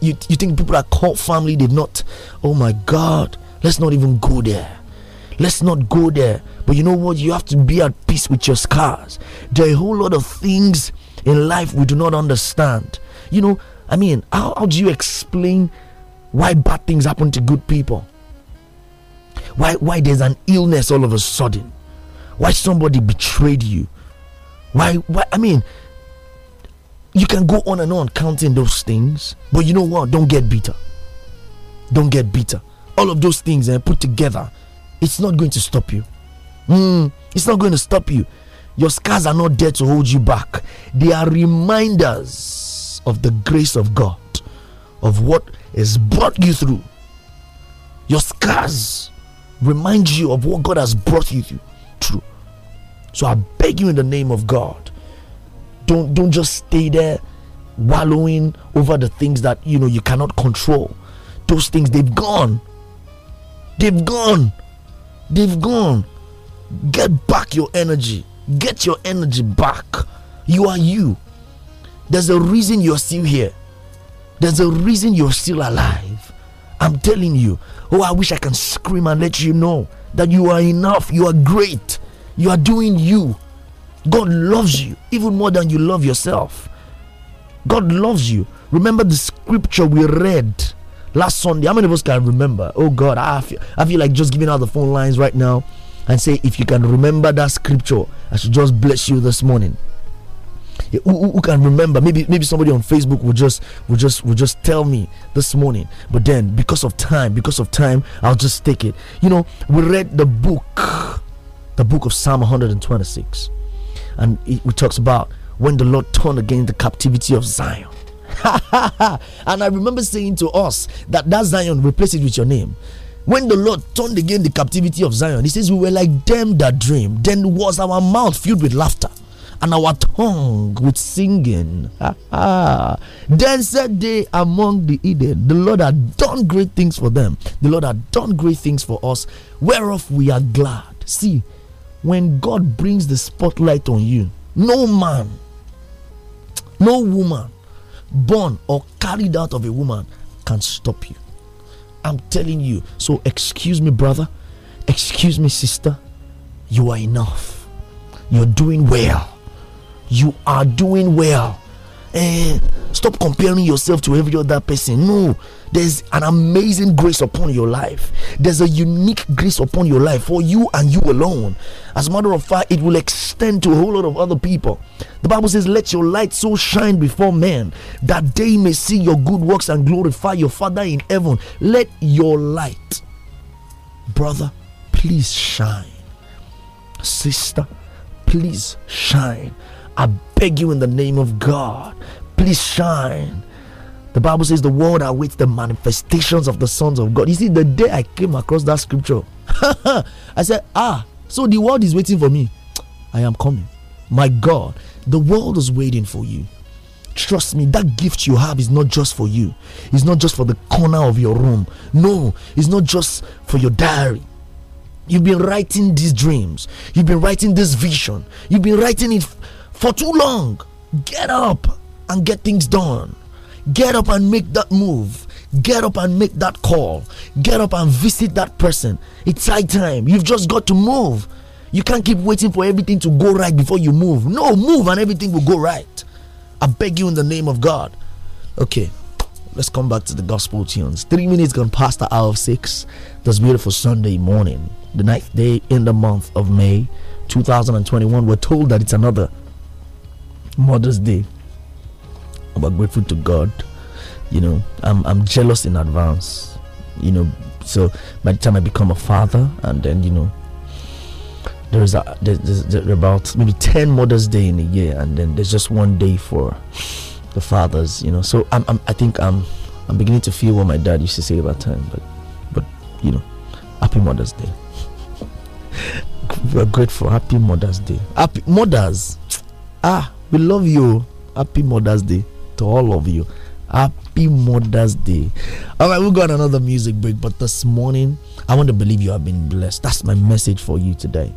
you, you think people that caught family they've not oh my god let's not even go there let's not go there but you know what you have to be at peace with your scars there are a whole lot of things in life we do not understand you know i mean how, how do you explain why bad things happen to good people why why there's an illness all of a sudden why somebody betrayed you why why i mean you can go on and on counting those things, but you know what? Don't get bitter. Don't get bitter. All of those things and eh, put together, it's not going to stop you. Mm, it's not going to stop you. Your scars are not there to hold you back. They are reminders of the grace of God, of what has brought you through. Your scars remind you of what God has brought you through. So I beg you in the name of God don't don't just stay there wallowing over the things that you know you cannot control those things they've gone they've gone they've gone get back your energy get your energy back you are you there's a reason you're still here there's a reason you're still alive i'm telling you oh i wish i can scream and let you know that you are enough you are great you are doing you God loves you even more than you love yourself. God loves you. Remember the scripture we read last Sunday. How many of us can remember? Oh God, I feel, I feel like just giving out the phone lines right now and say, if you can remember that scripture, I should just bless you this morning. Yeah, who, who, can remember? Maybe maybe somebody on Facebook will just will just will just tell me this morning. But then because of time, because of time, I'll just take it. You know, we read the book, the book of Psalm 126 and he talks about when the Lord turned against the captivity of Zion. and I remember saying to us that that Zion replace it with your name. When the Lord turned again the captivity of Zion, He says, "We were like them that dream. Then was our mouth filled with laughter." and our tongue with singing. then said they among the Eden, The Lord had done great things for them. The Lord had done great things for us, whereof we are glad. See, when God brings the spotlight on you, no man, no woman born or carried out of a woman can stop you. I'm telling you. So, excuse me, brother. Excuse me, sister. You are enough. You're doing well. You are doing well eh, stop comparing yourself to every other person. No, there's an amazing grace upon your life. There's a unique grace upon your life for you and you alone. As a matter of fact, it will extend to a whole lot of other people. The Bible says, Let your light so shine before men that they may see your good works and glorify your Father in heaven. Let your light, brother, please shine. Sister, please shine I beg you in the name of God, please shine. The Bible says the world awaits the manifestations of the sons of God. You see, the day I came across that scripture, I said, Ah, so the world is waiting for me. I am coming. My God, the world is waiting for you. Trust me, that gift you have is not just for you. It's not just for the corner of your room. No, it's not just for your diary. You've been writing these dreams. You've been writing this vision. You've been writing it for too long. Get up and get things done. Get up and make that move. Get up and make that call. Get up and visit that person. It's high time. You've just got to move. You can't keep waiting for everything to go right before you move. No, move and everything will go right. I beg you in the name of God. Okay, let's come back to the gospel tunes. Three minutes gone past the hour of six. This beautiful Sunday morning, the ninth day in the month of May 2021. We're told that it's another Mother's Day. We're grateful to God. You know, I'm I'm jealous in advance. You know, so by the time I become a father, and then you know, there's a there's, there's about maybe ten Mother's Day in a year, and then there's just one day for the fathers. You know, so I'm, I'm I think I'm I'm beginning to feel what my dad used to say about time, but but you know, Happy Mother's Day. We're grateful. Happy Mother's Day. Happy Mothers. Ah, we love you. Happy Mother's Day to all of you. Happy Mother's Day. All right, we've got another music break, but this morning, I want to believe you have been blessed. That's my message for you today.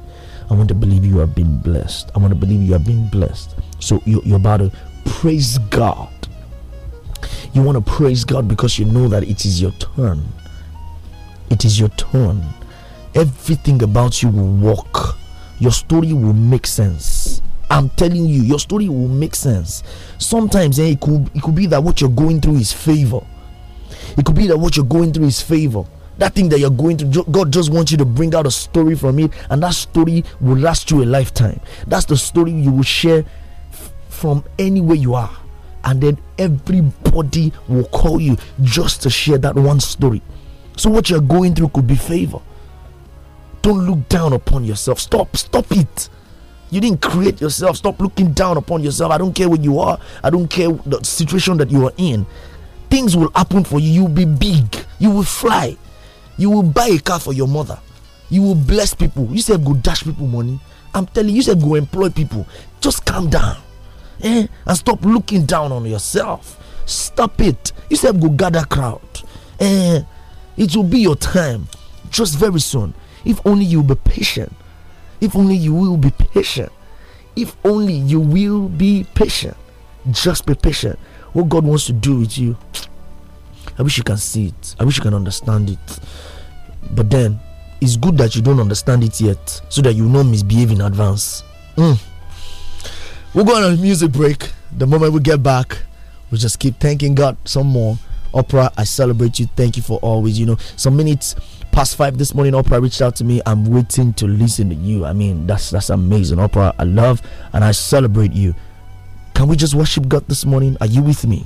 I want to believe you have been blessed. I want to believe you have been blessed. So you, you're about to praise God. You want to praise God because you know that it is your turn. It is your turn. Everything about you will work. Your story will make sense. I'm telling you, your story will make sense. Sometimes eh, it could it could be that what you're going through is favor. It could be that what you're going through is favor. That thing that you're going through, God just wants you to bring out a story from it, and that story will last you a lifetime. That's the story you will share f- from anywhere you are, and then everybody will call you just to share that one story. So what you're going through could be favor. Don't look down upon yourself. Stop. Stop it. You didn't create yourself. Stop looking down upon yourself. I don't care where you are. I don't care the situation that you are in. Things will happen for you. You'll be big. You will fly. You will buy a car for your mother. You will bless people. You said go dash people money. I'm telling you, you said go employ people. Just calm down. Eh? And stop looking down on yourself. Stop it. You said go gather crowd. Eh? It will be your time. Just very soon. If only you'll be patient if only you will be patient. If only you will be patient. Just be patient. What God wants to do with you, I wish you can see it. I wish you can understand it. But then, it's good that you don't understand it yet so that you do not misbehave in advance. Mm. We're going on a music break. The moment we get back, we just keep thanking God some more. Oprah, I celebrate you. Thank you for always. You know, some minutes past five this morning, Oprah reached out to me. I'm waiting to listen to you. I mean, that's that's amazing, Oprah. I love and I celebrate you. Can we just worship God this morning? Are you with me?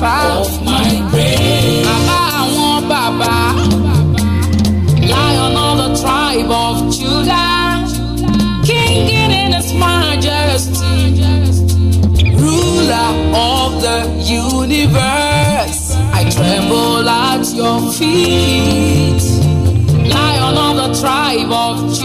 bàbá. Bàbá àwọn bàbá. Lion of the tribe of Judah. King in his majesty. Ruler of the universe. I tremble at your feet. Lion of the tribe of Judah.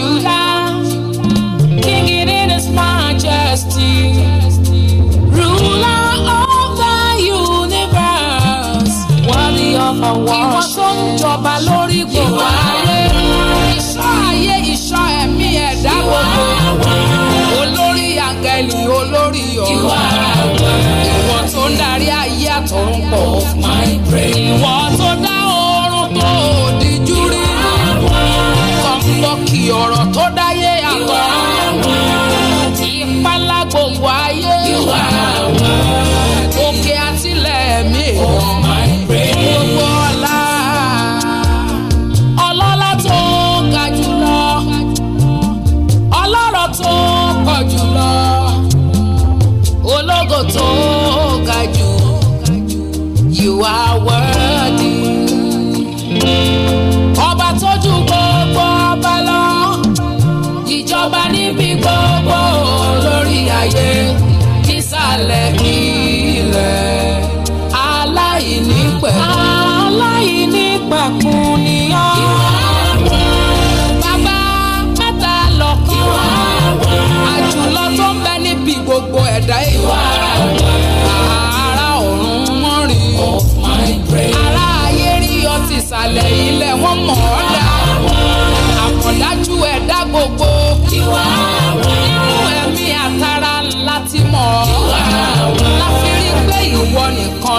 ìwọ tó ń jọba lórí gbòòrò ayé ìṣọ́ ayé ìṣọ́ ẹ̀mí ẹ̀dá gbogbo olórí àgẹ̀lì olórí ọ̀rọ̀ ìwọ tó ń darí ayé àtọ̀run pọ̀ ìwọ tó dá oorun tó òdìjú rí kọ́ńpọ́kì ọ̀rọ̀ tó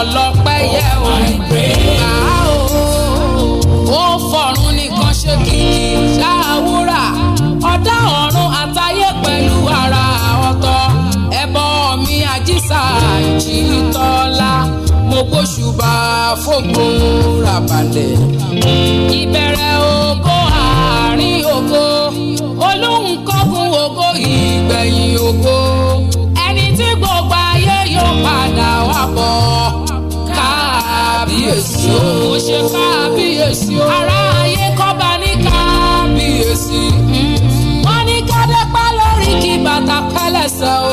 ọlọ́pẹ́ yẹ o gbà o ó fọ̀run nìkan ṣe kìkì ṣáàwúrà ọ̀dá ọ̀run àtayé pẹ̀lú ara ọ̀tọ̀ ẹbọ mi àjíṣà ìjìtọ́lá mo gbóṣùbà fògbó rabalẹ̀ ìbẹ̀rẹ̀ ògo àárín ògo olóhùn kọ́kùn ògo ìgbẹ̀yìn ògo. kábíyèsí o. mo ṣe kábíyèsí o. ará ayé kọ́ba ní kábíyèsí. Mm-hmm. wọ́n ní kádẹ́pá lórí kí bàtà pẹ́lẹ́sẹ̀ o.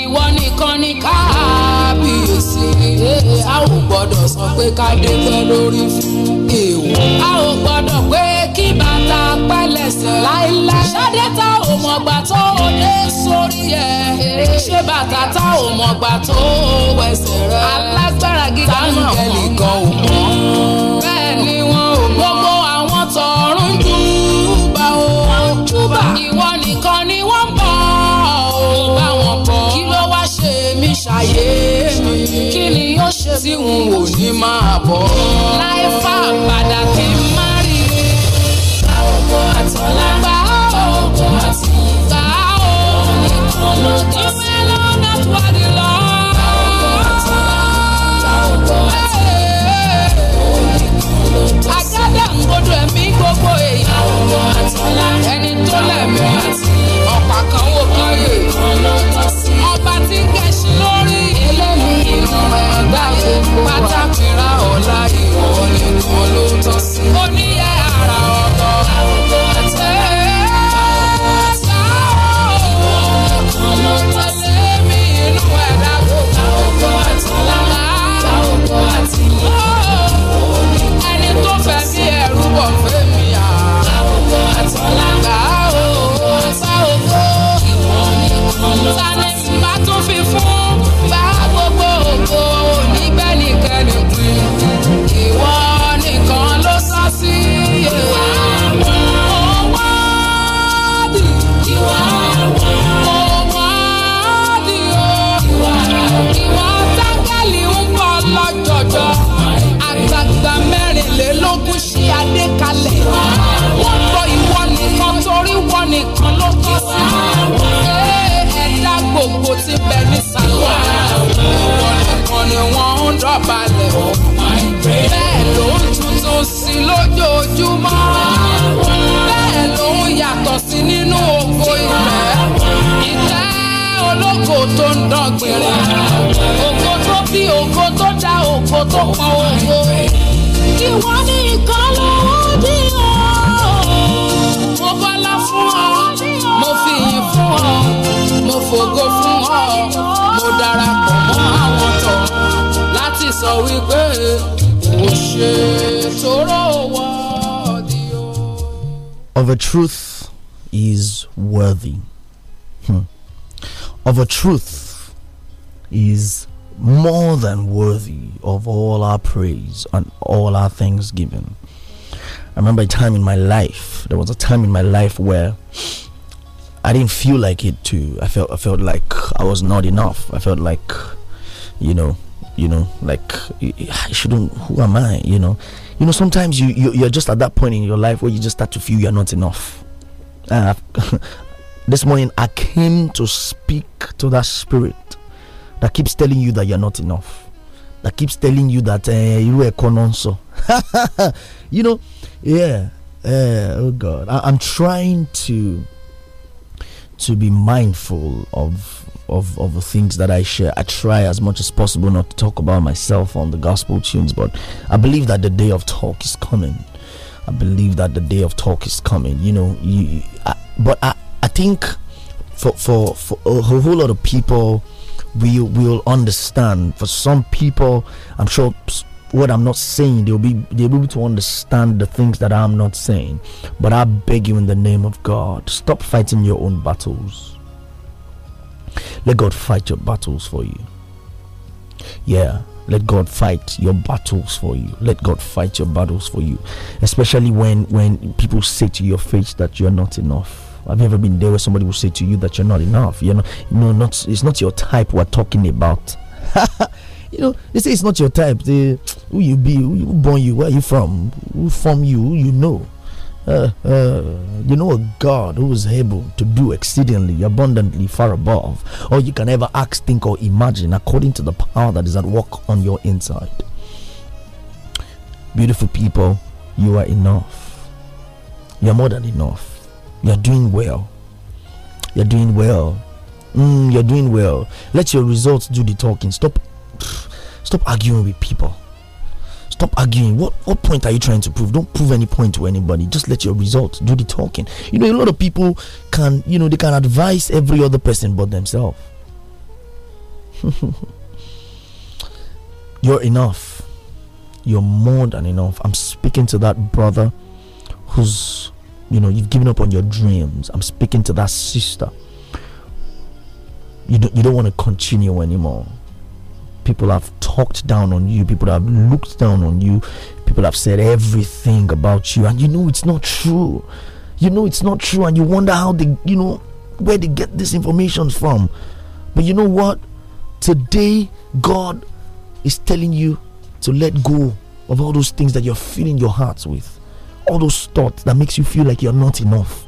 ìwọ nìkan ní kábíyèsí. a ò gbọ́dọ̀ sọ pé kádẹ́pẹ́ lórí fún èèwọ̀. a ò gbọ́dọ̀ pé kí bàtà pẹ́lẹ́sẹ̀ láíláí. ṣáde tá ò mọ̀gbà tó o dé sórí ẹ̀. ṣé bàtà tá ò mọ̀gbà tó o. tí n ò ní máa bọ̀. láìfà padà kí n má rí i. àwòkọ àtọ́lá àwòkọ àtìyíká òníkan ló tó mẹ́lọ́ náà wádìí lọ. Àjẹ́dẹ̀ ń gbọdọ̀ ẹ̀mí gbogbo èyí. Àwòkọ àtọ́lá ẹni tó lẹ̀mí. Mwa ẹ̀dá gbogbo ti bẹ ní sàlọ́ wọn ni wọ́n ń dọ̀bálẹ̀ bẹ́ẹ̀ ló ń tuntun sí lójoojúmọ́ bẹ́ẹ̀ ló ń yàtọ̀ sí nínú oko ìfẹ́ ìfẹ́ ológo tó ń dán oko tó bí oko tó dá oko tó pọ̀ oko kí wọ́n ní. sọ wípé ṣe tóró o. Of a truth is worthy. Hmm. Of a truth is more than worthy of all our praise and all our thanksgiving. I remember a time in my life. There was a time in my life where I didn't feel like it too. I felt I felt like I was not enough. I felt like, you know, you know like i ah, shouldn't who am i you know you know sometimes you, you are just at that point in your life where you just start to feel you're not enough uh, this morning i came to speak to that spirit that keeps telling you that you're not enough that keeps telling you that eh, you are cononso you know yeah uh, oh god I, i'm trying to to be mindful of of, of the things that I share. I try as much as possible not to talk about myself on the gospel tunes, but I believe that the day of talk is coming. I believe that the day of talk is coming. You know, you, I, but I, I think for, for, for a whole lot of people, we will understand. For some people, I'm sure what I'm not saying, they'll be they'll be able to understand the things that I'm not saying. But I beg you in the name of God, stop fighting your own battles let God fight your battles for you. Yeah. Let God fight your battles for you. Let God fight your battles for you. Especially when when people say to your face that you're not enough. Have you ever been there where somebody will say to you that you're not enough? you know, no not it's not your type we're talking about. you know, they say it's not your type. They, who you be, who born you, where you from, who form you, who you know. Uh, uh, you know a God who is able to do exceedingly abundantly far above all you can ever ask, think, or imagine according to the power that is at work on your inside. Beautiful people, you are enough. You are more than enough. You are doing well. You are doing well. Mm, you are doing well. Let your results do the talking. Stop, stop arguing with people Stop arguing. What what point are you trying to prove? Don't prove any point to anybody. Just let your results do the talking. You know, a lot of people can, you know, they can advise every other person but themselves. You're enough. You're more than enough. I'm speaking to that brother who's, you know, you've given up on your dreams. I'm speaking to that sister. You don't, you don't want to continue anymore people have talked down on you, people have looked down on you, people have said everything about you, and you know it's not true. You know it's not true, and you wonder how they, you know, where they get this information from. But you know what? Today, God is telling you to let go of all those things that you're filling your heart with, all those thoughts that makes you feel like you're not enough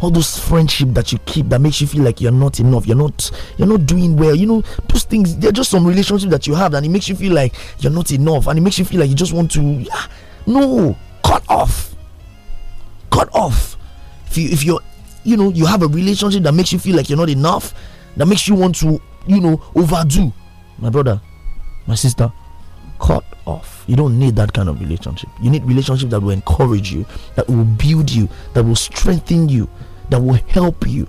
all those friendship that you keep that makes you feel like you're not enough, you're not you're not doing well. You know, those things they're just some relationship that you have and it makes you feel like you're not enough and it makes you feel like you just want to yeah, no, cut off. Cut off. If you if you're you know, you have a relationship that makes you feel like you're not enough, that makes you want to, you know, overdo. My brother, my sister, cut off. You don't need that kind of relationship. You need relationship that will encourage you, that will build you, that will strengthen you, that will help you.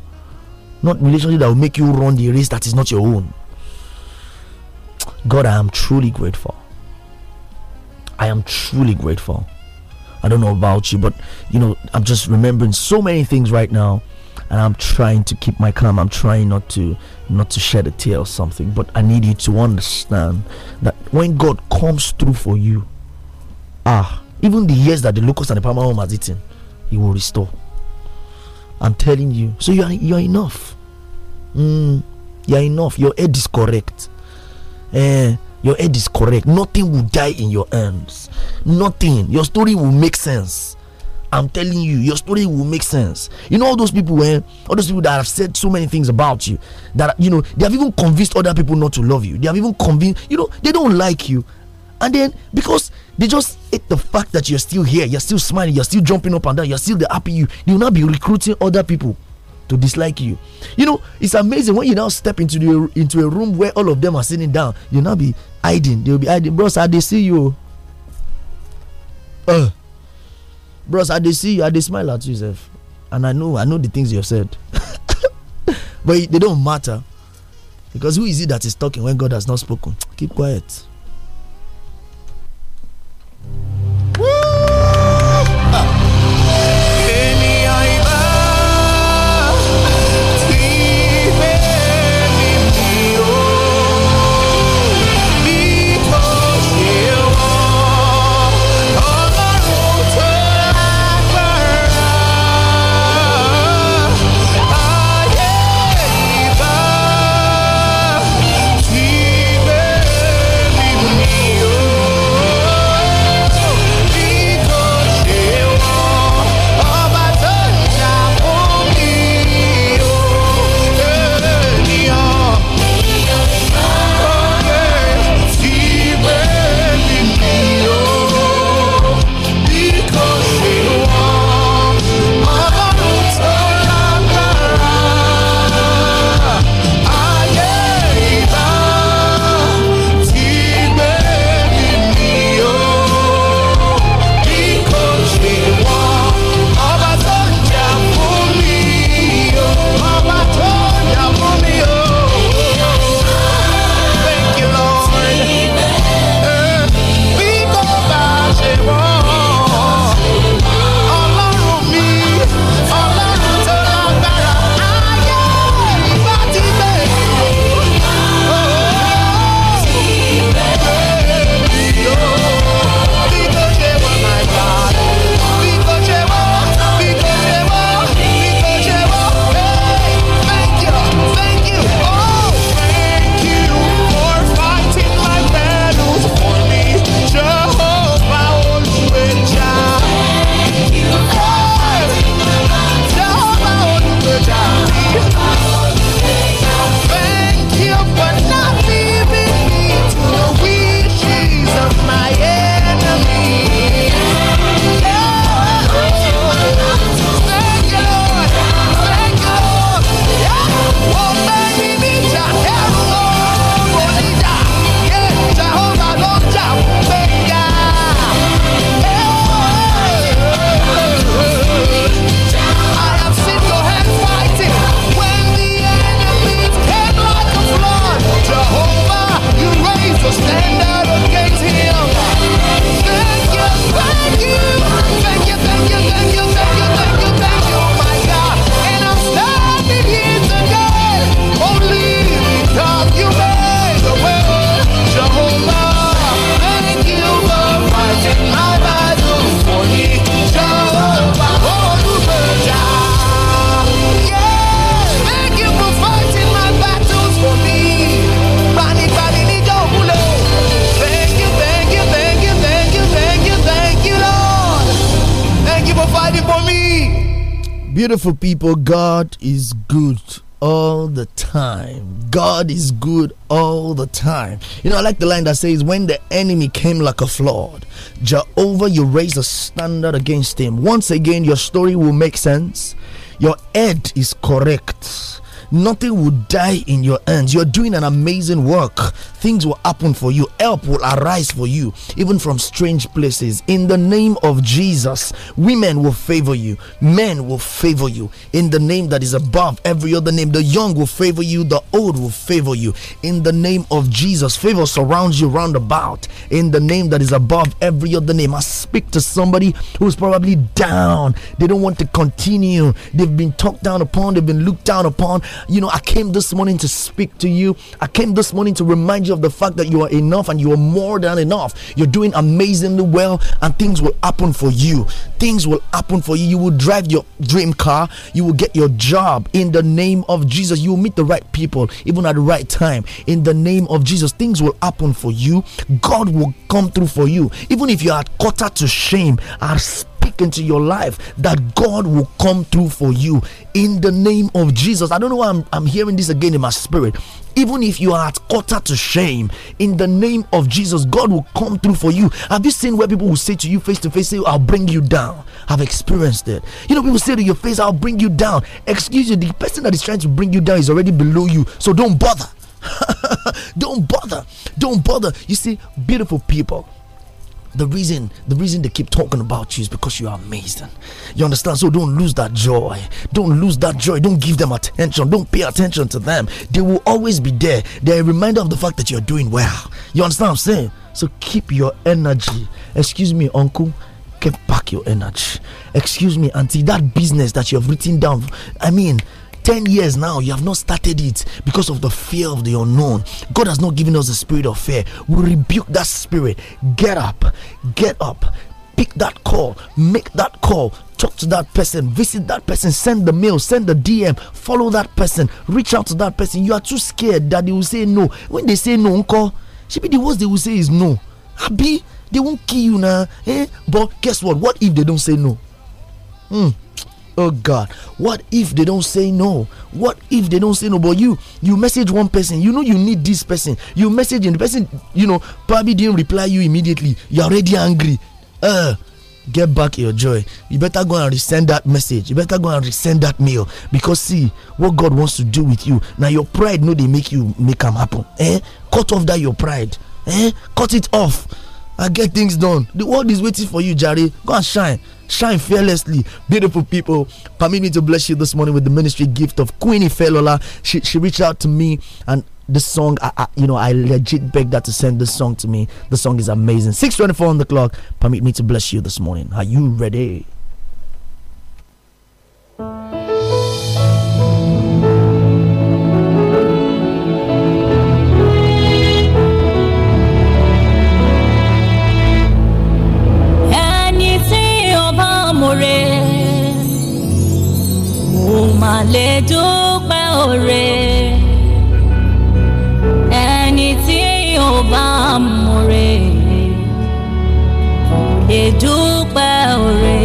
Not relationship that will make you run the race that is not your own. God, I am truly grateful. I am truly grateful. I don't know about you, but you know, I'm just remembering so many things right now and I'm trying to keep my calm. I'm trying not to not to shed a tear or something. But I need you to understand that when God comes through for you, ah, even the years that the locust and the palm home has eaten, He will restore. I'm telling you. So you are you are enough. Mm, you are enough. Your head is correct. Eh, your head is correct. Nothing will die in your hands. Nothing. Your story will make sense. I'm telling you, your story will make sense. You know all those people, eh? All those people that have said so many things about you, that you know they have even convinced other people not to love you. They have even convinced, you know, they don't like you, and then because they just hate the fact that you're still here, you're still smiling, you're still jumping up and down, you're still the happy you. They will now be recruiting other people to dislike you. You know, it's amazing when you now step into the into a room where all of them are sitting down. You'll now be hiding. They'll be hiding, bros. How they see you? Uh, bros i dey see you i dey smile at you sef and i know i know the things you have said but they don't matter because who is it that is talking when god has not spoken keep quiet Beautiful people, God is good all the time. God is good all the time. You know, I like the line that says, When the enemy came like a flood, Jehovah, you raised a standard against him. Once again, your story will make sense. Your head is correct. Nothing will die in your hands. You're doing an amazing work. Things will happen for you. Help will arise for you, even from strange places. In the name of Jesus, women will favor you, men will favor you. In the name that is above every other name, the young will favor you, the old will favor you. In the name of Jesus, favor surrounds you round about. In the name that is above every other name, I speak to somebody who's probably down. They don't want to continue. They've been talked down upon, they've been looked down upon, you know, I came this morning to speak to you. I came this morning to remind you of the fact that you are enough and you are more than enough. You're doing amazingly well, and things will happen for you. Things will happen for you. You will drive your dream car. You will get your job in the name of Jesus. You will meet the right people, even at the right time. In the name of Jesus, things will happen for you. God will come through for you. Even if you are quarter to shame, at speak into your life that God will come through for you in the name of Jesus. I don't know why I'm, I'm hearing this again in my spirit. Even if you are at quarter to shame, in the name of Jesus, God will come through for you. Have you seen where people will say to you face to face, say, I'll bring you down? I've experienced it. You know, people say to your face, I'll bring you down. Excuse you, the person that is trying to bring you down is already below you, so don't bother. don't bother. Don't bother. You see, beautiful people the reason the reason they keep talking about you is because you are amazing you understand so don't lose that joy don't lose that joy don't give them attention don't pay attention to them they will always be there they're a reminder of the fact that you're doing well you understand what i'm saying so keep your energy excuse me uncle keep back your energy excuse me auntie that business that you have written down i mean 10 years now, you have not started it because of the fear of the unknown. God has not given us the spirit of fear. We rebuke that spirit. Get up, get up, pick that call, make that call, talk to that person, visit that person, send the mail, send the DM, follow that person, reach out to that person. You are too scared that they will say no. When they say no, uncle, she be the worst they will say is no. Abi, they won't kill you now. Eh? But guess what? What if they don't say no? Hmm. Oh God, what if they don't say no? What if they don't say no? But you, you message one person, you know you need this person. You message and the person, you know, probably didn't reply you immediately. You're already angry. Uh, get back your joy. You better go and resend that message. You better go and resend that mail because see what God wants to do with you. Now your pride, no, they make you make them happen. Eh? Cut off that your pride. Eh? Cut it off and get things done. The world is waiting for you, Jerry. Go and shine. Shine fearlessly. Beautiful people, permit me to bless you this morning with the ministry gift of Queenie Felola. She, she reached out to me and this song, I, I, you know, I legit begged her to send this song to me. The song is amazing. 624 on the clock. Permit me to bless you this morning. Are you ready? kò má lè dúpẹ́ òre ẹni tí ò bá múre lè dúpẹ́ òre.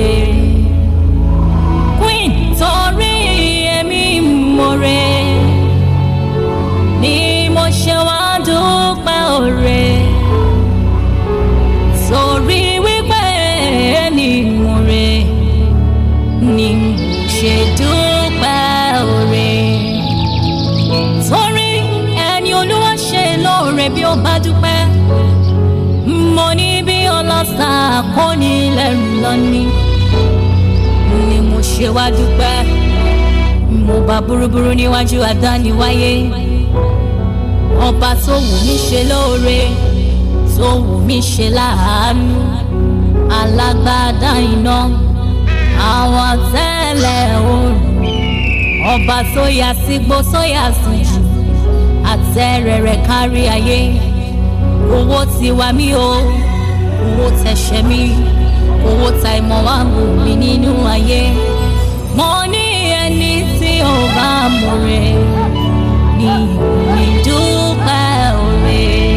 rere bí ó bá dúpẹ́ mo ní bí ọlọ́sà kọ́ni lẹ́rù lọ́ni ni mo ṣe wá dúpẹ́ mo bá burúburú níwájú àdániwáyé ọba tó wù mí ṣe lóore tó wù mí ṣe láàánú alágbádá iná àwọn tẹ́lẹ̀ òòrùn ọba tó yà sígbó tó yà sùn jù. àtẹrẹrẹ kárí ayé owó ti wá mí o owó tẹ̀sẹ̀ mi owó ta ìmọ̀ wá wù mí nínú ayé mo ní ẹni tí ò bá mọ̀ rẹ̀ ní ìdúpẹ́ òre.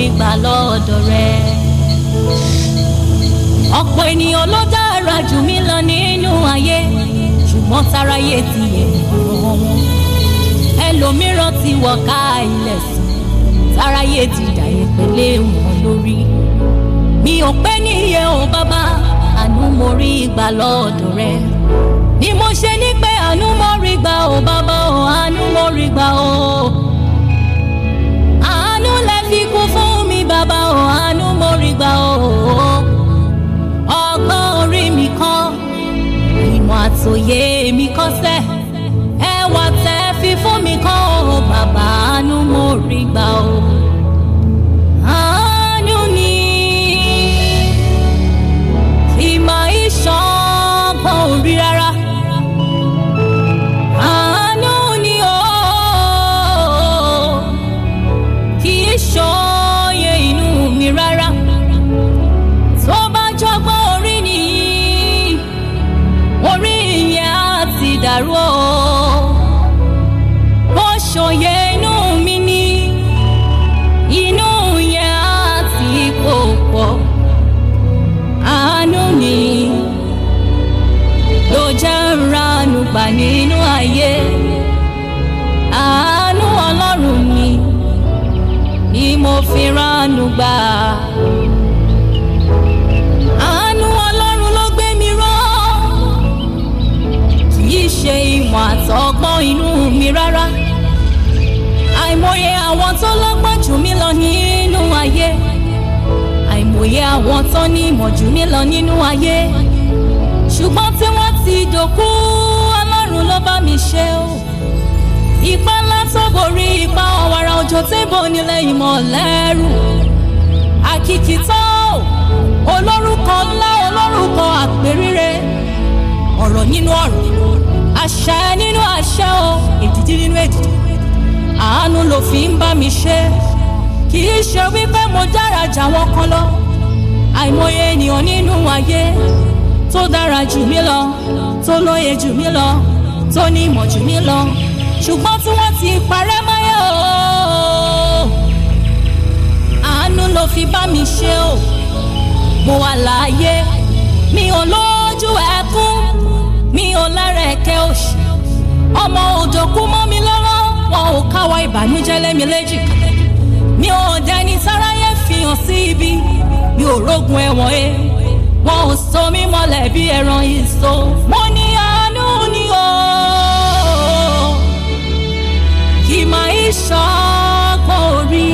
rí gbà lọ́dọ̀ rẹ. ọ̀pọ̀ ènìyàn ló dára jù mí lọ nínú ayé ṣùgbọ́n táráyé ti yẹ ọ̀rọ̀ wọn. ẹlòmíràn ti wọ̀ ká ilẹ̀ sùn táráyé ti dà ìpele wọn lórí. mi ò pẹ́ níyẹn o bàbá àánú mo rí gbà lọ́dọ̀ rẹ ni mo ṣe ní pé àánú mo rí gbà o bàbá o àánú mo rí gbà o. bàbá o àánú mo rí gbà o ọgbọ́n orí mi kọ́ ìmọ̀ àtòyé mi kọ́ sẹ́ ẹwà tẹ́ fi fún mi kọ́ o bàbá àánú mo rí gbà o. òye àwọn tó ní ìmọ̀ jù mí lọ nínú ayé ṣùgbọ́n tí wọ́n ti dòkú ọlọ́run ló bá mi ṣe o ipá ńlá tó borí ipá ọ̀wàrà òjò tébò nílẹ̀ ìmọ̀ lẹ́rù àkìkìtọ́ olórúkọ ńlá olórúkọ àpèrire ọ̀rọ̀ nínú ọ̀rọ̀ àṣà nínú àṣà o èdìdí nínú èdìdí àánú ló fi ń bá mi ṣe kì í ṣe wípé mo dára jà wọ́n kan lọ àìmọye ènìyàn nínú ayé tó dára jù mí lọ tó lóye jù mí lọ tó ní ìmọ̀ jù mí lọ ṣùgbọ́n tí wọ́n ti parẹ́ mọ́yé àánú ló fi bá mi ṣe o mo wà láàyè mi ò lójú ẹkún mi ò lára ẹ̀kẹ́ òṣì ọmọ òjò kú mọ́ mi lọ́wọ́ wọn ò káwọ́ ìbànújẹ́ lé mi mi ò dẹni sáráyé fihàn sí ibi. mi ò rógun ẹ̀wọ̀n he wọn ò so mí mọ́lẹ̀ bí ẹran ìso mo ní àánú ni o kì máa ń ṣọ́kàn orí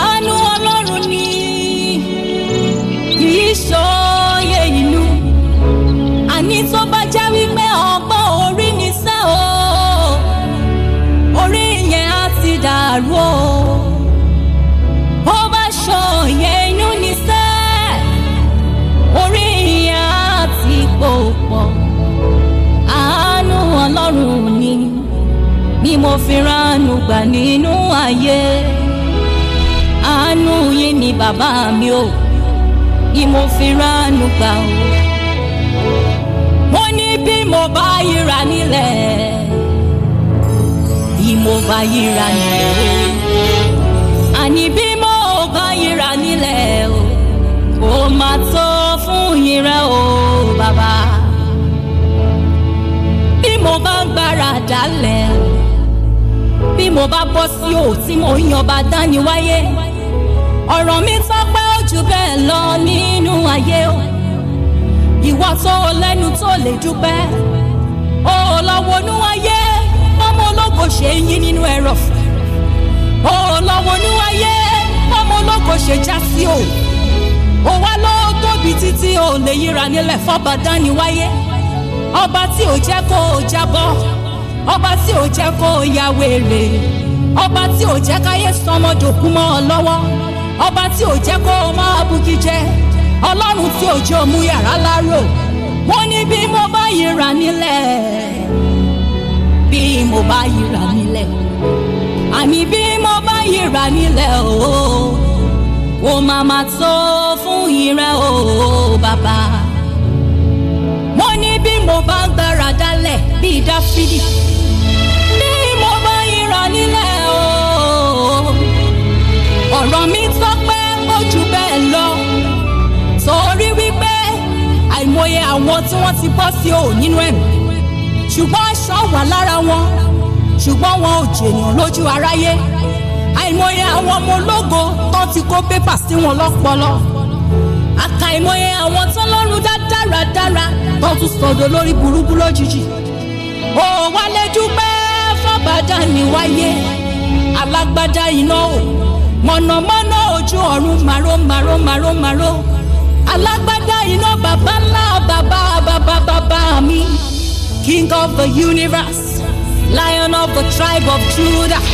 àánú ọlọ́run ni kì í ṣọ́kàn. mo fi ránù gbà nínú ayé àánú yín ni bàbá mi ò ni mo fi ránù gbà o. mo ní bí mo bá yíra nílẹ̀ bí mo bá yíra nílẹ̀ àní bí mo bá yíra nílẹ̀ o ó máa tó fún yíra o bàbá bí mo bá ń gbára dálẹ̀ o. bí mo bá bọ́ sí o tí mo yan bá dání wáyé ọ̀rọ̀ mi tọ́pẹ́ ó jù bẹ́ẹ̀ lọ nínú ayé o ìwọ tó o lẹ́nu tó lè dúpẹ́ o ò lọ wọnú ayé bọ́mọ ológo ṣe ń yí nínú ẹrọ̀fọ̀ o ò lọ wọnú ayé bọ́mọ ológo ṣe já sí o ó wá ló tóbi títí o lè yíra nílẹ̀ fọ́ba dání wáyé ọba tí ò jẹ́ kó o jábọ́ ọba tí ò jẹ́ kó ya wèrè ọba tí ò jẹ́ káyé sọmọdòkú mọ́ ọ lọ́wọ́ ọba tí ò jẹ́ kó máa bugi jẹ ọlọ́run tí ò jẹ́ òmu yàrá láró wọ́n ní bí mo bá yíra nílẹ̀ bí mo bá yíra nílẹ̀ àní bí mo bá yíra nílẹ̀ ooo o màmá tó fún ìrẹ́ ooo bàbá wọ́n ní bí mo bá gbára dálẹ̀ bíi dáfídì ọ̀rọ̀ nílẹ̀ o ọ̀rọ̀ mi sọ pé ó jù bẹ́ẹ̀ lọ torí wípé àìmọye àwọn tí wọ́n ti bọ́ sí o nínú ẹ̀mí ṣùgbọ́n aṣọ wà lára wọn ṣùgbọ́n wọn ò jèèyàn lójú aráyé àìmọye àwọn ọmọ ológo tó ti kó pépà sí wọn lọ́pọlọ àkàìmọye àwọn tó lọ́rùn dá dáradára tó tún sọ̀dọ̀ lórí burúkú lójijì ó wálé dúpẹ́. alágbádá ni wáyé alágbádá iná o mọ̀nàmọ́ná ojú ọ̀run màró màró màró màró alágbádá iná bàbá ńlá bàbá bàbá bàbá mi king of the universe lion of the tribe of Judah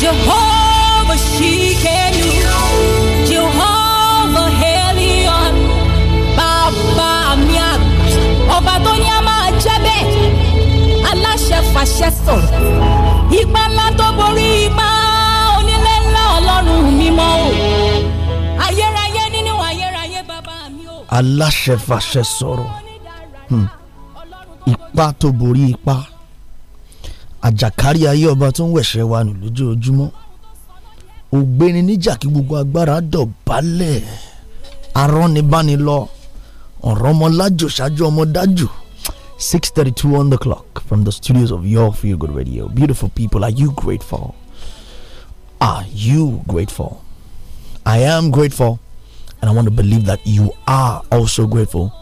Jehovah Shikenu. fàṣẹ sọ̀rọ̀. Ipa ńlá tó borí ipa onílé ńlá ọlọ́run mímọ́ o. Ayérayé nínú ayérayé bàbá mi o. Aláṣẹ fàṣẹ sọ̀rọ̀. Hmm. Ipa tó borí ipa. Àjàkárí ayé ọba tó ń wẹ̀ṣẹ̀ wa nù lójoojúmọ́. Ògbéni níjà kí gbogbo agbára dọ̀bálẹ̀. Arọ́nibánilọ ọ̀rọ̀ ọmọ lájò ṣáájú ọmọ dájò 6.32 on the clock from the studios of Your Feel Good Radio. Beautiful people, are you grateful? Are you grateful? I am grateful. And I want to believe that you are also grateful.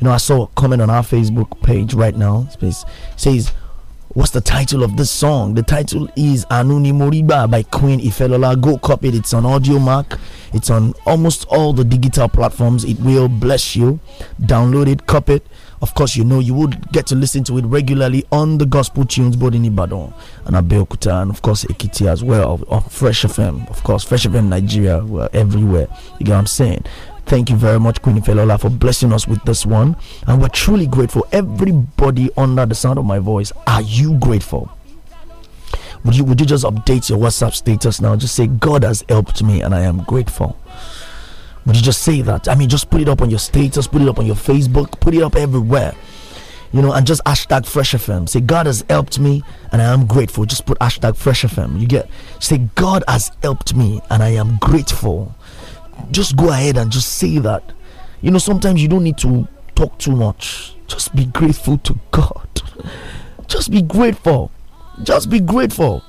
You know, I saw a comment on our Facebook page right now. It says, What's the title of this song? The title is Anuni Moriba by Queen Ifelola. Go copy it. It's on Audio Mark. It's on almost all the digital platforms. It will bless you. Download it, copy it. Of course, you know you would get to listen to it regularly on the gospel tunes both in Ibadan and Abeokuta and of course Ekiti as well Fresh FM. Of course, Fresh FM Nigeria, everywhere. You get what I'm saying? Thank you very much, Queen Felola, for blessing us with this one. And we're truly grateful. Everybody under the sound of my voice, are you grateful? Would you, would you just update your WhatsApp status now? Just say, God has helped me and I am grateful. Would you just say that? I mean, just put it up on your status, put it up on your Facebook, put it up everywhere you know, and just hashtag Fresh FM. Say, God has helped me and I am grateful. Just put hashtag Fresh FM. You get, say, God has helped me and I am grateful. Just go ahead and just say that. You know, sometimes you don't need to talk too much. Just be grateful to God. Just be grateful. Just be grateful.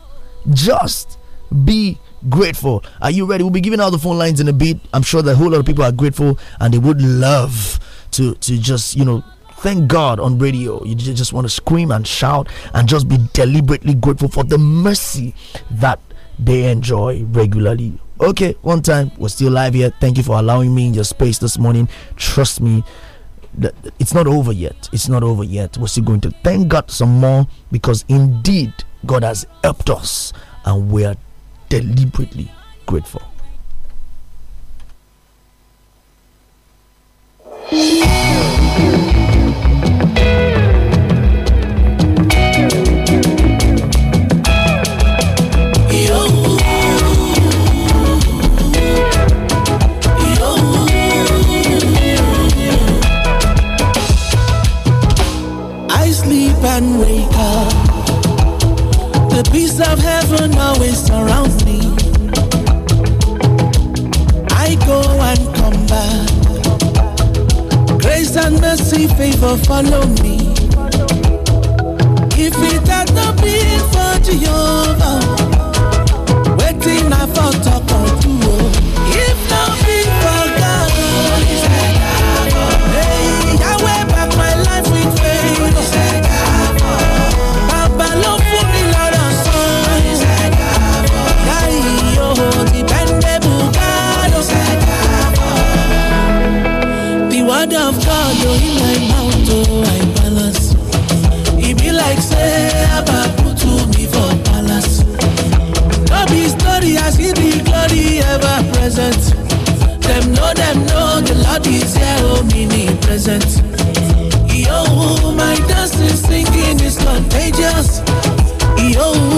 Just be grateful. Are you ready? We'll be giving out the phone lines in a bit. I'm sure that a whole lot of people are grateful and they would love to to just, you know, thank God on radio. You just want to scream and shout and just be deliberately grateful for the mercy that they enjoy regularly. Okay, one time, we're still live here. Thank you for allowing me in your space this morning. Trust me, it's not over yet. It's not over yet. We're still going to thank God some more because indeed God has helped us and we are deliberately grateful. and wake up. The peace of heaven always surrounds me. I go and come back. Grace and mercy, favor follow me. If it had not been for Jehovah, waiting I for talk on to contagious. Yo.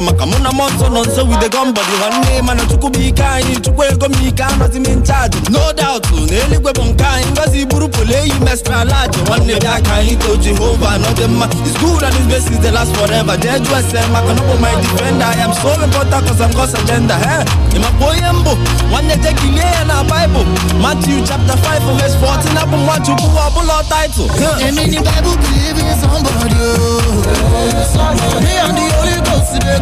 make maka mụ na m nso nọ nso with the gun body ha nne mana chukwu bụ ike anyị chukwu ego m ike anọzi no doubt na eluigwe bụ nke anyị ngozi buru polo jehova anọdị is good and is best is the last forever jee jụọ ese maka nọbụ my defender I am so important cause I'm God's agenda eh? he ịmakwa onye mbụ nwanne je kilie ya na Bible. Matthew chapter 5 verse 14 abụ nwa chukwu ọbụla title in Bible, Somebody, oh. Somebody, I'm the Holy Ghost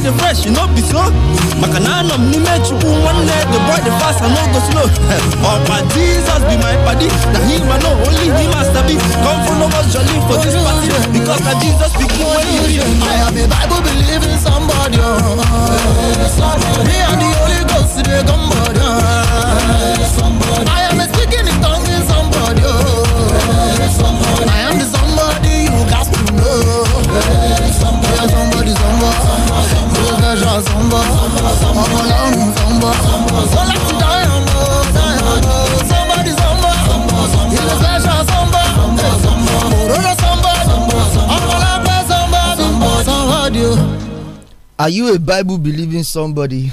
boy dey fresh, you no be slow. Makanana me make you one day. The boy the fast, I no go slow. All my Jesus, be my buddy. Are you a Bible believing somebody?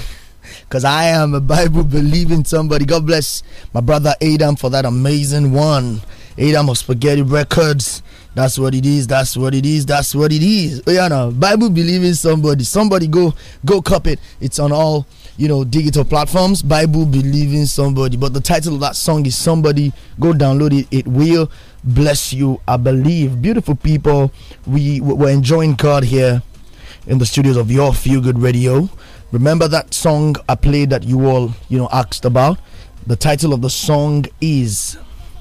Because I am a Bible believing somebody. God bless my brother Adam for that amazing one. Adam of Spaghetti Records. That's what it is. That's what it is. That's what it is. Oh, yeah, no. Bible believing somebody. Somebody go go cop it. It's on all you know digital platforms. Bible believing somebody. But the title of that song is Somebody. Go download it. It will bless you. I believe. Beautiful people. We we're enjoying God here in the studios of your Feel Good Radio. Remember that song I played that you all, you know, asked about? The title of the song is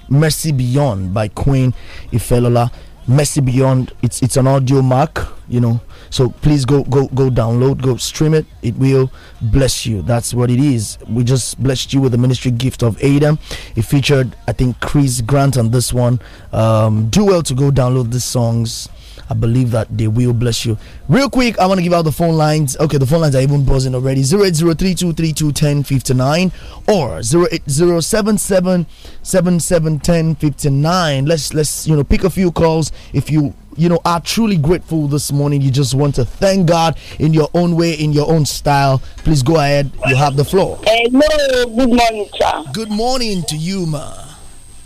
Mercy Beyond by Queen Ifelola. Mercy Beyond, it's it's an audio mark, you know. So please go go go download, go stream it. It will bless you. That's what it is. We just blessed you with the ministry gift of Adam. It featured, I think, Chris Grant on this one. Um, do well to go download these songs I believe that they will bless you. Real quick, I want to give out the phone lines. Okay, the phone lines are even buzzing already 08032321059 or 08077771059. Let's let's you know pick a few calls if you you know are truly grateful this morning. You just want to thank God in your own way, in your own style. Please go ahead. You have the floor. Hello. Good morning, sir. Good morning to you, ma.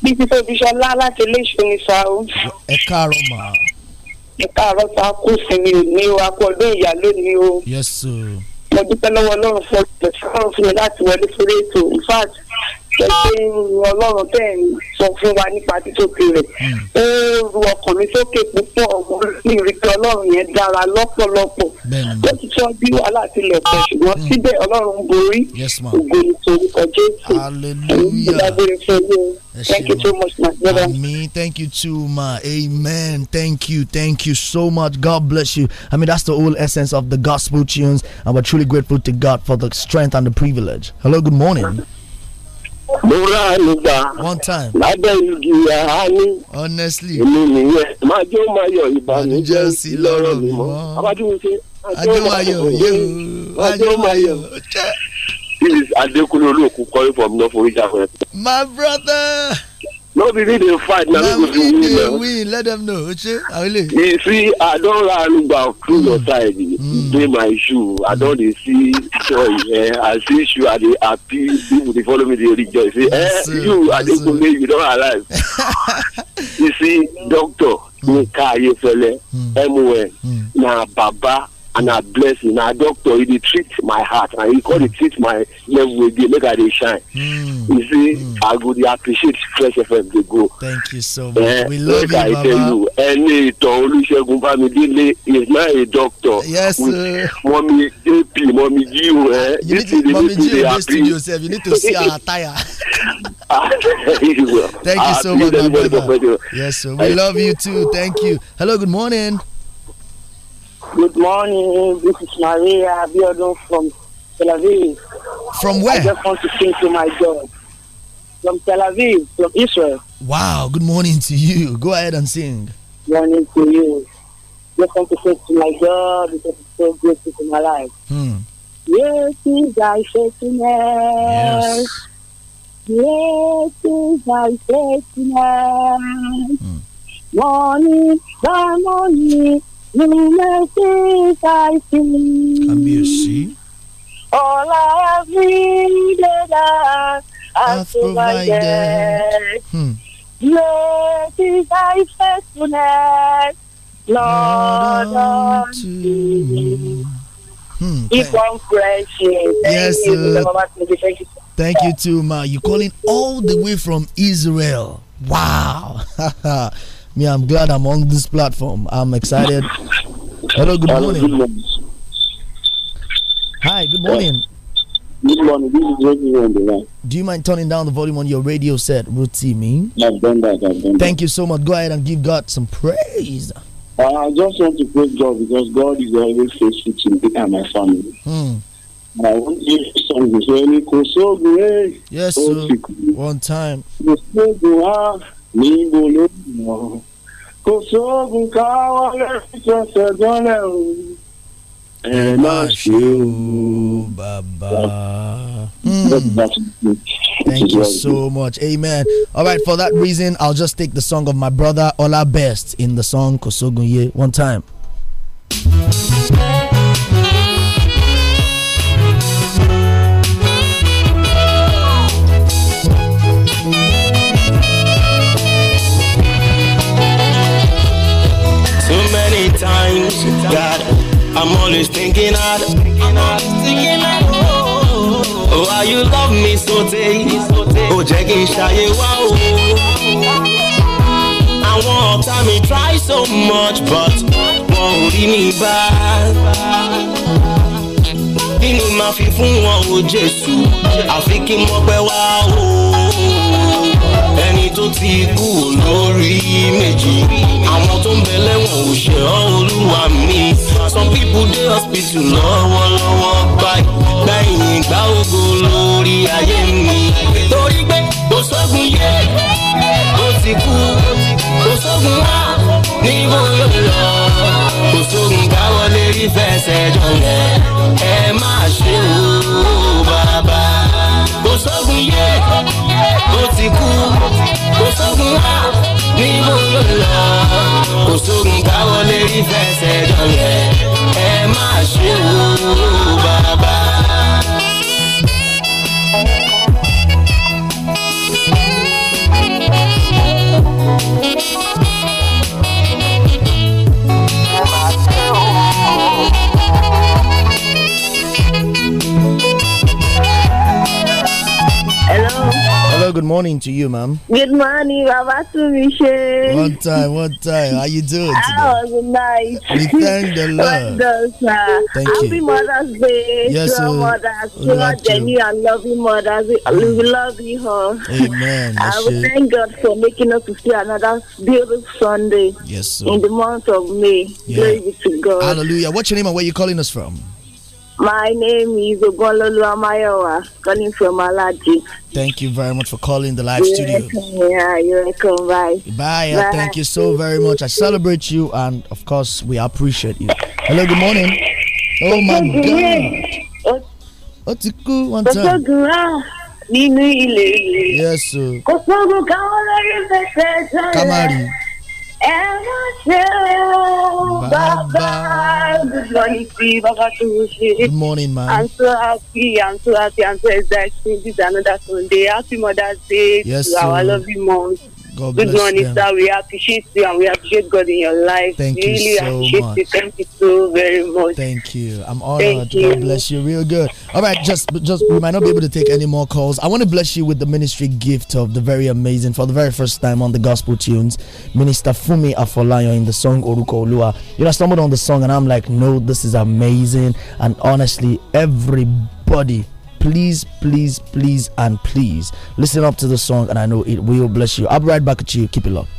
This is Obishola láti Lẹ́sùn ní Sàó. Ẹ káàárọ̀ màá. ìka àrọ́ ta kú sí mi ò ní o akọ ọdún ìyá lónìí o. mo dúpẹ́ lọ́wọ́ ọlọ́run fún ọ̀sẹ̀ fún mi láti wọlé sórí ètò in fact ọlọ́run tẹ́ sọ fún wa nípa hmm. ó ru sókè púpọ̀ ọmọ pé ọlọ́run yẹn dára lọ́pọ̀lọpọ̀ ó ti sọ bí wàhálà pọ̀ hmm. ṣùgbọ́n síbẹ̀ ọlọ́run borí ògo Thank you so much, my brother. Me, thank you too, ma. Amen. Thank you, thank you so much. God bless you. I mean, that's the whole essence of the gospel tunes, and we're truly grateful to God for the strength and the privilege. Hello, good morning. múra nígbà lábẹ́ igi àání èmi nìyẹn máa jó máa yọ ìbànújẹ́ sí lọ́rọ̀ mi mọ́ abájúwe ṣe ajó máa yọ yéwu máa yọ. This is Adekunle Olóòkú calling from North Orija. My brother no be we dey fight na we go fit win na. Eh. win let them know oche awele. you see i don run gba through your mm. side eh, mm. dey my shoe i don dey see joy eh i see shoe i dey happy people dey follow me dey rejoice say eh you adekunle you don arrive. you see doctor mm. nka ayefele mon na baba and na blessing na doctor He dey treat my heart and he come dey treat my level again make i dey shine hmm. you see hmm. i go dey appreciate fresh fm dey go thank you so eh, much we love you Mama. like i tell you ẹni ìtàn olùṣègùn bámidélé is now a doctor yes with mọmi ap you. gio ẹ you need to be gio dey you need to see her attire thank you so much my brother yes sir we love you too thank you hello good morning. Good morning. This is Maria Abiodun from Tel Aviv. From where? I just want to sing to my God. From Tel Aviv, from Israel. Wow, good morning to you. Go ahead and sing. morning to you. Just want to sing to my God because it's so grateful to my life. Hmm. Yes, is thy faithfulness. Yes. Yes, is thy faithfulness. Hmm. Morning by morning all I have needed, I have provided. Hmm. is thy faithfulness, Lord, unto me. Hmm, Keep on praying. Yes, uh, thank you too, Ma. You're calling all the way from Israel. Wow. me, I'm glad I'm on this platform. I'm excited. Hello, good Hello, morning. Good morning. Hi, good morning. Good morning. This is Radio on the line. Do you mind turning down the volume on your radio set, Ruti Me? I've done that. I've done Thank you so much. Go ahead and give God some praise. Uh, I just want to praise God because God is always faithful to me and my family. Hmm. I want to hear great. Yes, oh, sir. One time. É, Baba. Mm. Thank you so much. Amen. All right, for that reason, I'll just take the song of my brother Ola Best in the song Kosogunye one time. always thinking hard. I'm thinking hard. Why you love me so day. Oh, jẹ́ kí wow. I want o. try so much but won't be me back. kí n mọ̀ pé wá o jesu afi ki n mo pe tó ti kú lórí méjì àwọn tó ń bẹ lẹ́wọ̀n ò ṣe ọ́ olúwa mi some people dey hospital lọ́wọ́lọ́wọ́ gbàyìn gbá ògo lórí ayé mi torí pé kò sọ́gun yé ó ti kú kò sọ́gun wá níbo ló lọ kò sógun káwọlé rí fẹsẹ̀ jọlẹ̀ ẹ má ṣe o bàbá kò sọ́gun yé ó ti kú kò sógun wá níbo ló lọ kò sógun káwọlé rí fẹsẹ̀ dọ̀lẹ́ ẹ má ṣe wò ó. morning to you, ma'am. Good morning, Baba Tumishe. One time, one time. How you doing today? That was nice. We thank the Lord. Does, thank Happy you. Mother's Day yes, to our mothers, to our genuine loving mothers. We, we mm. love you huh? Amen. I would thank God for making us to see another beautiful Sunday yes, sir. in the month of May. Yeah. Glory to God. Hallelujah. What's your name and where you calling us from? My name is Ogonlolu Amayowa, calling from Malagi. Thank you very much for calling the live you're studio. Welcome, yeah, you're welcome. Bye. Bye. Bye. Thank you so very much. I celebrate you, and of course, we appreciate you. Hello. Good morning. Oh my God. What's ti kú one time. Ah, nínú ilé yìí. Yes sir. káwọn lórí fẹsẹ̀ Good morning, man. I'm so happy. I'm so happy. I'm so excited. This is another Sunday. Happy Mother's Day yes, to so. our lovely moms. God Good morning, them. sir. We appreciate you and we appreciate God in your life. Thank you so appreciate much. You. Thank you so very much. Thank you. I'm honored. Thank God you. bless you. Real good. All right, just just we might not be able to take any more calls. I want to bless you with the ministry gift of the very amazing for the very first time on the gospel tunes, Minister Fumi Afolayo in the song Oruko Olua. You know, I stumbled on the song and I'm like, no, this is amazing. And honestly, everybody please, please, please, and please listen up to the song, and I know it will bless you. I'll be right back at you. Keep it locked.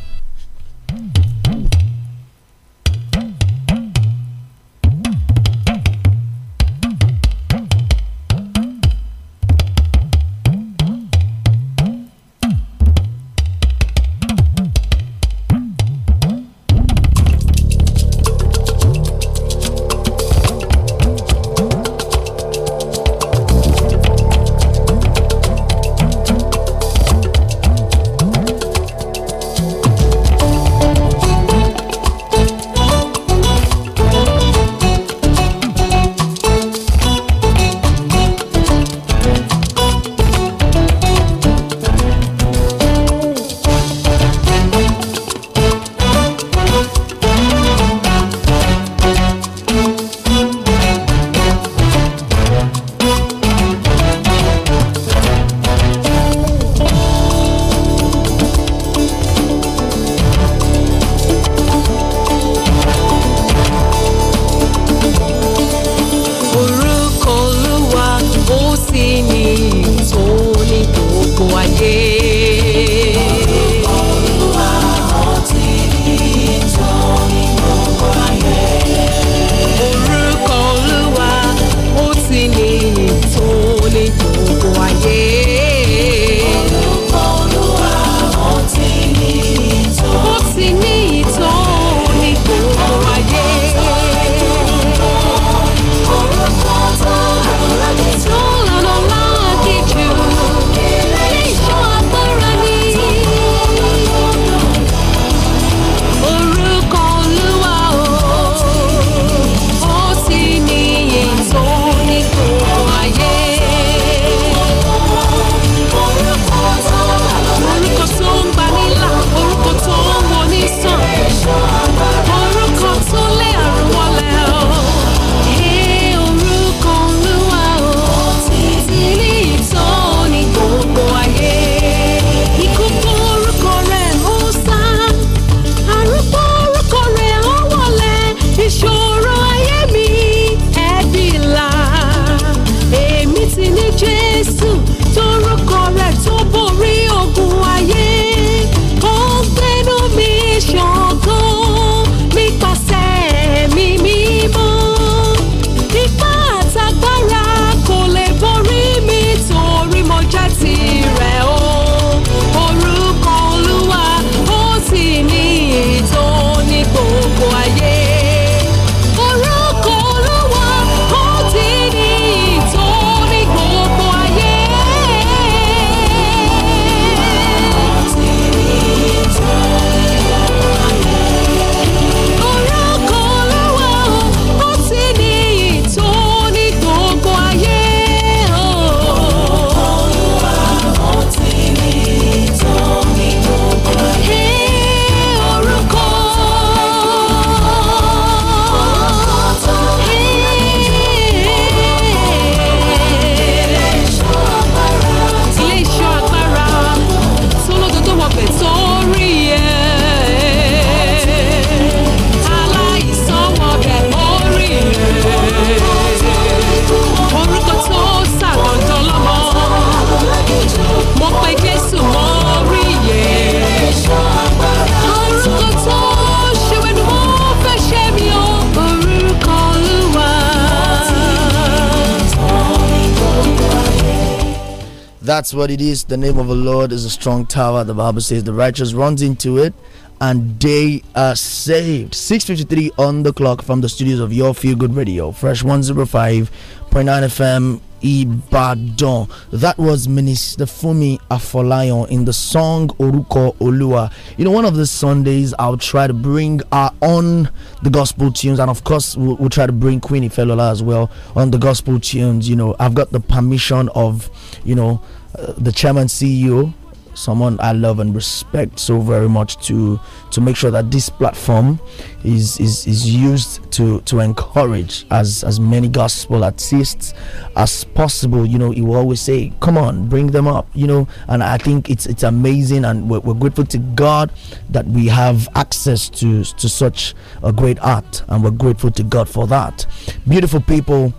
That's what it is. The name of the Lord is a strong tower. The Bible says the righteous runs into it and they are saved. 6.53 on the clock from the studios of Your Feel Good Radio. Fresh 105.9 FM Ibadan. That was Minister Fumi Afolayan in the song Oruko Olua. You know, one of the Sundays I'll try to bring uh, on the gospel tunes, and of course we'll, we'll try to bring Queenie Felola as well on the gospel tunes. You know, I've got the permission of you know uh, the chairman CEO someone I love and respect so very much to to make sure that this platform is is, is used to to encourage as as many gospel artists as possible. You know, he will always say, "Come on, bring them up." You know, and I think it's it's amazing, and we're, we're grateful to God that we have access to to such a great art, and we're grateful to God for that. Beautiful people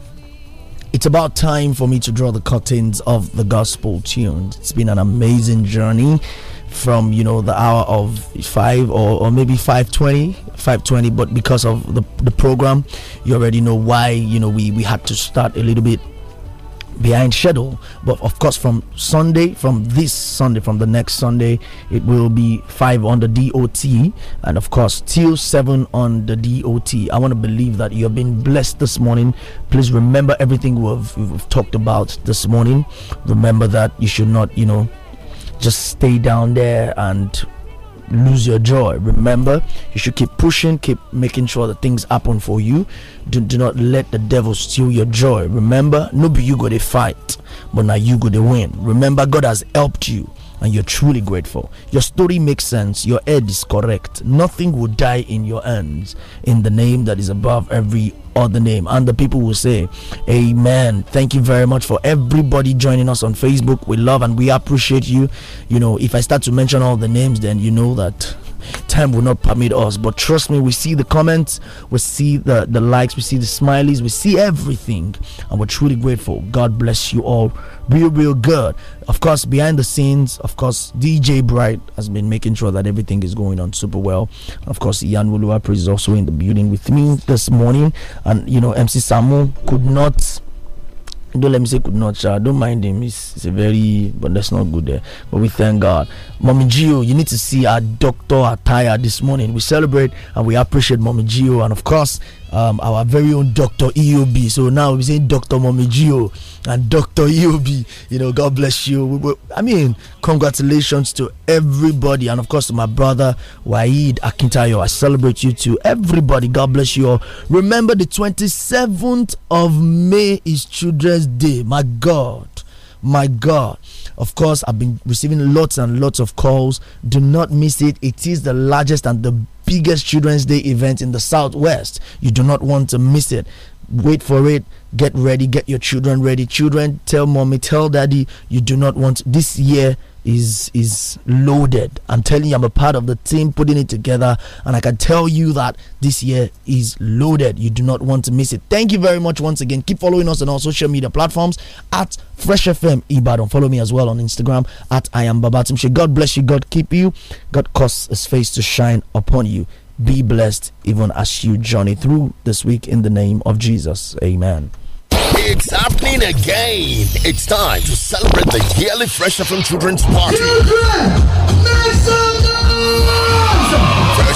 it's about time for me to draw the curtains of the gospel tunes. It's been an amazing journey from you know the hour of five or, or maybe 520 520 but because of the, the program you already know why you know we we had to start a little bit behind schedule. But of course, from Sunday, from this Sunday, from the next Sunday, it will be five on the DOT, and of course, till seven on the DOT. I want to believe that you have been blessed this morning. Please remember everything we've, we've talked about this morning. Remember that you should not, you know, just stay down there and lose your joy. Remember, you should keep pushing, keep making sure that things happen for you. Do, do not let the devil steal your joy. Remember, no be you go to fight, but now you go to win. Remember, God has helped you and you're truly grateful. Your story makes sense, your head is correct, nothing will die in your hands in the name that is above every other name. And the people will say, Amen. Thank you very much for everybody joining us on Facebook. We love and we appreciate you. You know, if I start to mention all the names, then you know that Time will not permit us. But trust me, we see the comments, we see the, the likes, we see the smileys, we see everything. And we're truly grateful. God bless you all. Real, real good. Of course, behind the scenes, of course, DJ Bright has been making sure that everything is going on super well. Of course, Ian Wuluapri is also in the building with me this morning. And, you know, MC Samu could not don't let me say could not, child. Don't mind him. He's, he's a very, but that's not good there. Eh. But we thank God. Mommy Gio, you need to see our doctor attire this morning. We celebrate and we appreciate Mommy Gio and of course um, our very own Dr. EOB. So now we're saying Dr. Momijio and Dr. EOB. You know, God bless you. We, we, I mean, congratulations to everybody. And of course, to my brother Waid Akintayo. I celebrate you too. Everybody, God bless you all. Remember, the 27th of May is Children's Day. My God. My God. Of course, I've been receiving lots and lots of calls. Do not miss it. It is the largest and the biggest Children's Day event in the Southwest. You do not want to miss it. Wait for it. Get ready. Get your children ready. Children, tell mommy, tell daddy, you do not want this year is is loaded. I'm telling you, I'm a part of the team putting it together, and I can tell you that this year is loaded. You do not want to miss it. Thank you very much once again. Keep following us on our social media platforms at Fresh FM Ibadan. Follow me as well on Instagram at I am Babatimshe. God bless you. God keep you. God cause His face to shine upon you. Be blessed even as you journey through this week in the name of Jesus. Amen. It's happening again. It's time to celebrate the yearly Fresh from Children's Party. Children, make some noise!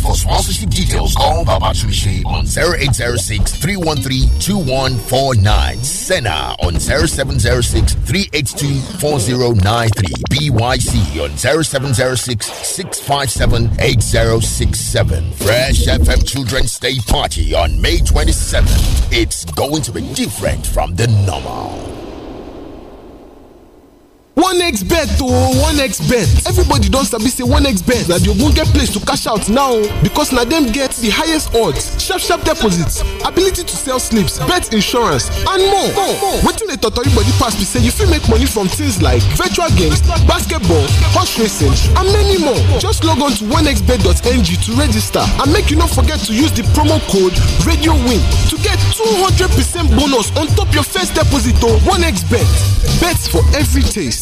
For sponsorship details, call Baba on 0806 313 2149. Senna on 0706 382 4093. BYC on 0706 Fresh FM Children's Day Party on May 27th. It's going to be different from the normal. onexbet ooo onexbet everybody don sabi say onexbet na di ogbonge place to cash out now because na dem get the highest odds sharp sharp deposits ability to sell slips bet insurance and more wetin dey totori body pass be say you fit make money from things like virtual games basketball horse racing and many more just log on to onexbet.ng to register and make you no forget to use the promo code radio win to get 200 percent bonus on top your first deposit o onexbet bet for every taste.